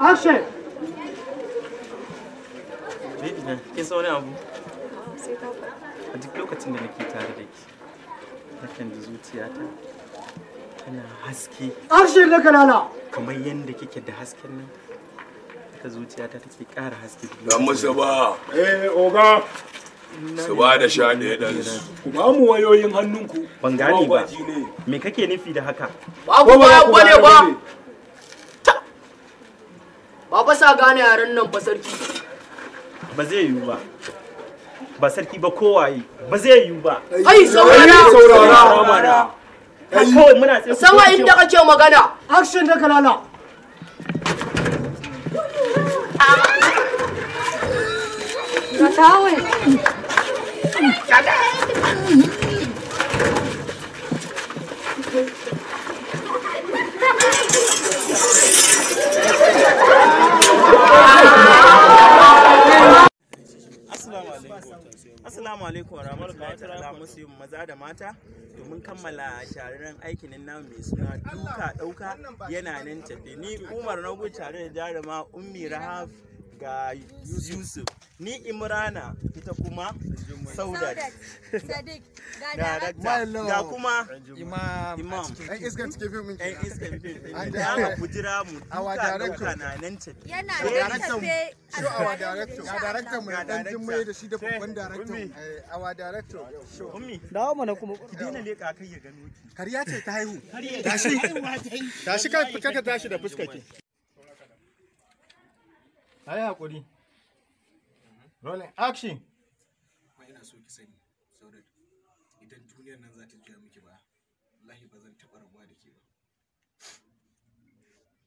Action! Lidina, kin san wani abu? A duk lokacin da nake tare da ki, nakan ji zuciyata tana haske. na kanana! Kamar yadda kike da hasken nan, ta zuciyata take ƙara haske. Dan musu ba! Eh, oga! su ba da sha ɗaya ɗan su. Ku ba mu wayoyin hannunku. Ban gane ba. Me kake nufi da haka? Ba ku ba ku ne ba. ba fa sa gane yaren nan ba sarki ba zai yiwu ba ba sarki ba kowaye ba zai yiwu ba ai saurara saurara kawai muna tsaye sama inda kake magana action da kalala Gatawe. Gatawe. Assalamu alaikum wa rahmatullahi ta'ala musu maza da mata domin kammala shahararren aikin namu mai suna duka dauka yana nan tafi ni Umar Nagu tare da jaruma Ummi Rahaf ga Yusuf ni Imrana ita kuma Saudat Sadiq ga kuma Imam Imam ɗan iskan cikin filmin ɗan iska filmin da ma ku jira mu duka ɗauka na nan tafi yana nan tafi show our director ga director mu dan jimmai da shi da babban director Awa eh, director show ummi dawo mana kuma ki dina leka kai ya gano ki kariya ce ta haihu Kariya. tashi tashi kai ka tashi da fuskar ki a yi haƙuri rolling action kuma ina so ki sani saudat idan duniyar nan za ta juya miki ba wallahi ba zan taɓa rabuwa da ke ba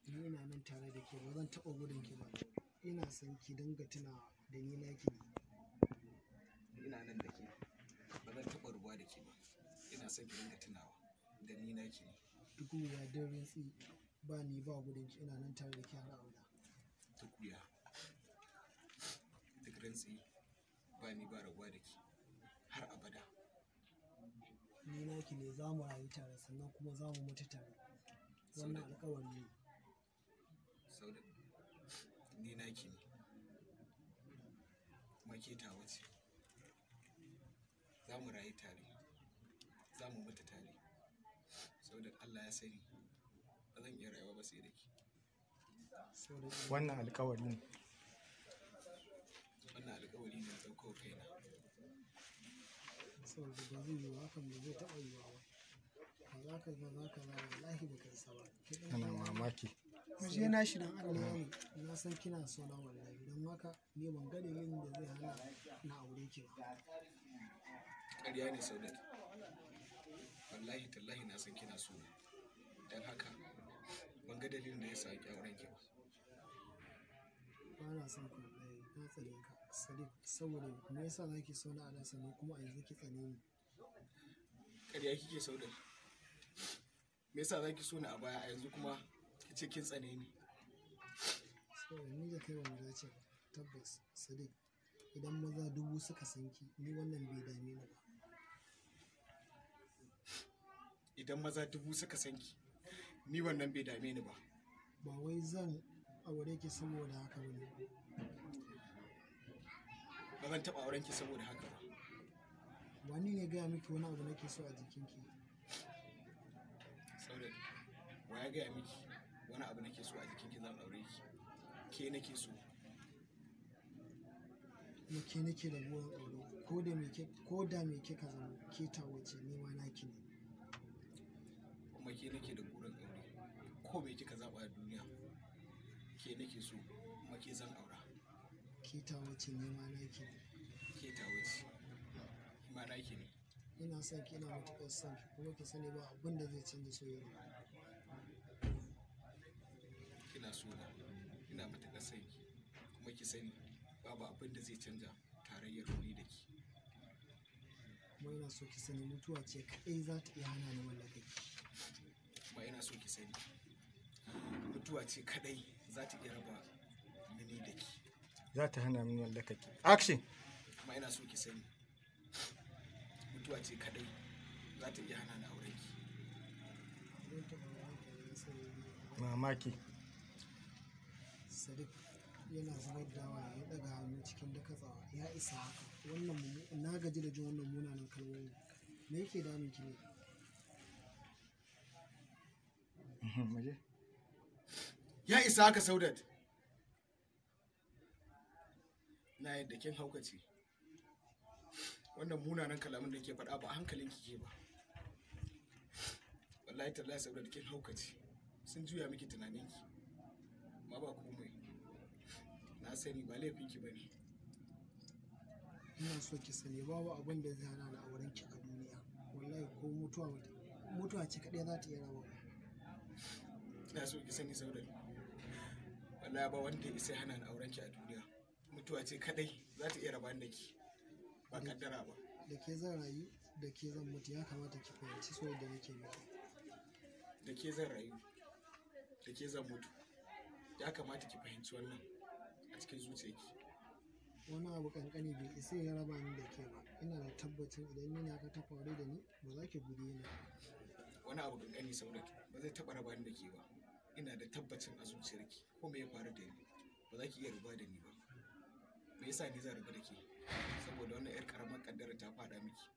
ni ina nan tare da ke ba zan taɓa gudun ki ba ina son ki dinga tuna da ni na ki ina nan da ke ba zan taɓa rabuwa da ke ba ina son ki dinga tunawa da ni na ki duk wuya don tsi ba ni ba gudun ki ina nan tare da ke har abada ta kuya rantsi ba ni ba rabuwa da ke har abada ni naki ne za mu rayu tare sannan kuma za mu mutu tare wannan alkawari ne sauda ni naki ne maketa wace za mu rayu tare za mu mutu tare sauda allah ya sani ba zan iya rayuwa ba sai da ke wannan alkawari ne ko kaina saboda ba zai yiwu hakan ba zai taɓa yiwuwa ba ba za ka ba za ka ba wallahi ba kai saba kana mamaki mu je na shi dan Allah ne na san kina so na wallahi don haka ne ban ga yin da zai hana na aure ki ba ƙarya ne saudat wallahi tallahi na san kina so haka ban ga dalilin da ya sa ki auren ki ba ba na son ku na tsare ka sadiq saboda me yasa zaki so na ana sannan kuma a yanzu ki tsane ni kariya kike so da me yasa zaki so ni a baya a yanzu kuma kice kin tsane ni saboda ni da kai wanda mu dace tabbas sadiq idan maza dubu suka san ki ni wannan bai dame ni ba idan maza dubu suka san ki ni wannan bai dame ni ba ba wai zan aure ki saboda haka bane ba zan taɓa auren ki saboda haka ba wani ne gaya miki wani abu nake so a jikin ki. saurari wa ya gaya miki wani abu nake so a jikin ki zan aure ki ke nake so me ke nake da buwan aure ko da me ke ko da me ke ka zama ke ta wace ne ma naki ne kuma ke nake da buwan aure ko me kika zaba a duniya ke nake so kuma ke zan aure ke ta ne ma na ke ke ma na ne ina son ki ina matuƙar son ki kuma ki sani ba abin da zai canza soyayya kina so na ina matuƙar son ki kuma ki sani babu abin da zai canza tarayyar ni da ki kuma ina so ki sani mutuwa ce kaɗai za ta iya hana ni mallaka ki kuma ina so ki sani mutuwa ce kaɗai za ta iya raba ni da ki za ta hana min mallaka ki action amma ina so ki sani mutuwa ce kadai za ta iya hana ni aure. ki mamaki sadiq yana zubar da wa ya daga hannu cikin dakatsawa ya isa haka wannan na gaji da jin wannan munanan kalmomi me yake damun ki ne mhm, ya isa haka saudat na yadda kin haukace wannan munanan kalamin da ke faɗa ba hankalin ki ke ba wallahi tallahi saboda kin haukace sun juya miki tunanin ki ma ba komai na sani ba laifin ki bane ina so ki sani babu abin da zai hana al'awarin ki a duniya wallahi ko mutuwa mutuwa ce kadai za ta yi rawa ina so ki sani saboda wallahi ba wanda ya isa hana al'awarin ki a duniya mutuwa ce kadai za ta iya raba da ke ba kaddara ba da ke zan rayu da ke zan mutu ya kamata ki fahimci so da nake miki da ke zan rayu da ke zan mutu ya kamata ki fahimci wannan a cikin zuciyarki wani abu kankani bai isa ya raba ni da ke ba ina da tabbacin idan yana ka ta faru da ni ba za ki gudu ni wani abu kankani sauraki ba zai taba raba ni da ke ba ina da tabbacin a zuciyarki ko me ya faru da ni ba za ki iya ruba da ni ba me yasa ni zan rabu da ke saboda wannan yar karamar kaddara ta fada miki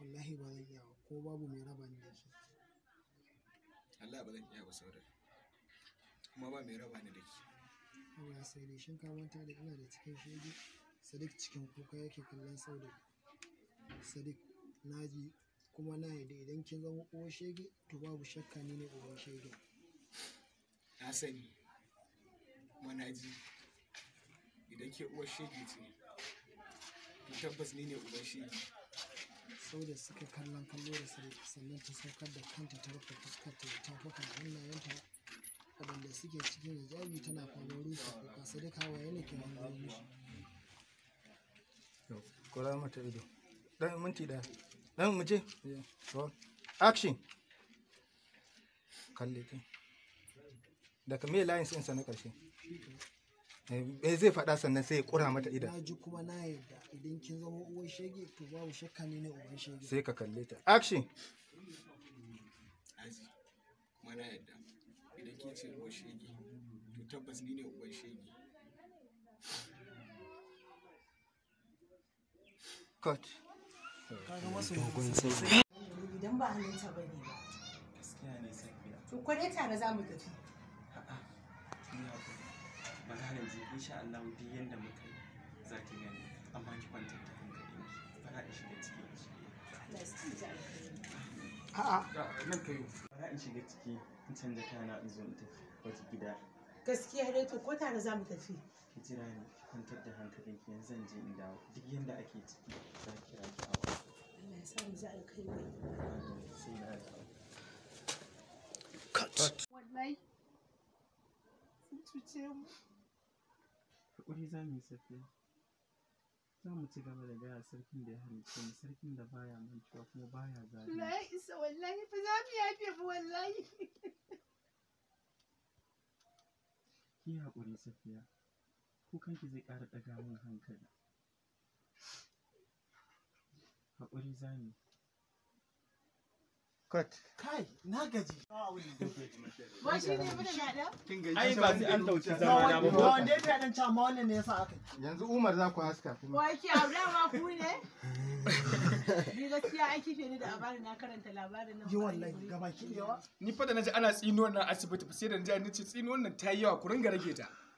wallahi ba zan iya ko babu mai raba ni da shi Allah ba zan iya ba saurari kuma ba mai raba ni da ke Abu ya sai shin ka manta da ina da cikin shege Sadiq cikin kuka yake kallon saudari Sadiq naji kuma na yadda idan kin zama uwar shege to babu shakka ni ne uwar shege na sani kuma na ji ke uwar shege ce to tabbas ni ne uban shege saboda suka kallon kallo da sannan ta saukar da kanta ta rufe fuskar ta ta fuka hannayenta waɗanda suke cikin hijabi tana faman rufe ko kasa duk hawaye ne ke wani musu kura mata ido dan minti da dan mu action kalle kai daga mai layin sinsa na ƙarshe me eh, eh, zai faɗa sannan sai ya ƙura mata idan na ji kuma na yarda idan kin zama uwar shege to babu shakka ne ne uwar shege sai ka kalle ta action kuma na yarda idan kin ce uwar shege to tabbas ni ne uwar shege cut kaga masu dogon sai idan ba hannunta bane ba gaskiya ne sai to kwade tare za mu tafi maganar ji insha Allah duk yanda muka yi za ki gani amma ki kwantar da hankalin ki fara in shiga ciki in a'a nan kai fara in shiga ciki in canza kana in zo in tafi wata gida gaskiya dai to ko tare za mu tafi ki jira ni ki kwantar da hankalin ki yanzu zan je in dawo duk yanda ake ciki za ki kira ki a wata Allah ya sa mu za sai na dawo cut wallahi sun cuce mu Haƙuri za mu yi safiya. Za mu ci gaba da gaya sarkin da ya halicce mu, sarkin da baya mantuwa kuma baya ya La isa wallahi fa za mu yafe wallahi. Ki haƙuri safiya. kanki zai ƙara ɗaga min hankali. Haƙuri za mu yi. Cut. Kai, na gaji. Ba shi ne mu da gada? Ai ba sai an dauki zama na ba. Ba wanda ya dan ca ma wannan ne yasa aka. Yanzu Umar za ku haska Wa Wai ki aure ma ku ne? Ni gaskiya ai kike ni da labarin na karanta labarin nan. Yi wallahi gabaki yawa. Ni fa da naji ana tsinuwar na asibiti sai da naji ni ce tsinuwar nan ta yi yawa ku ringa rage ta.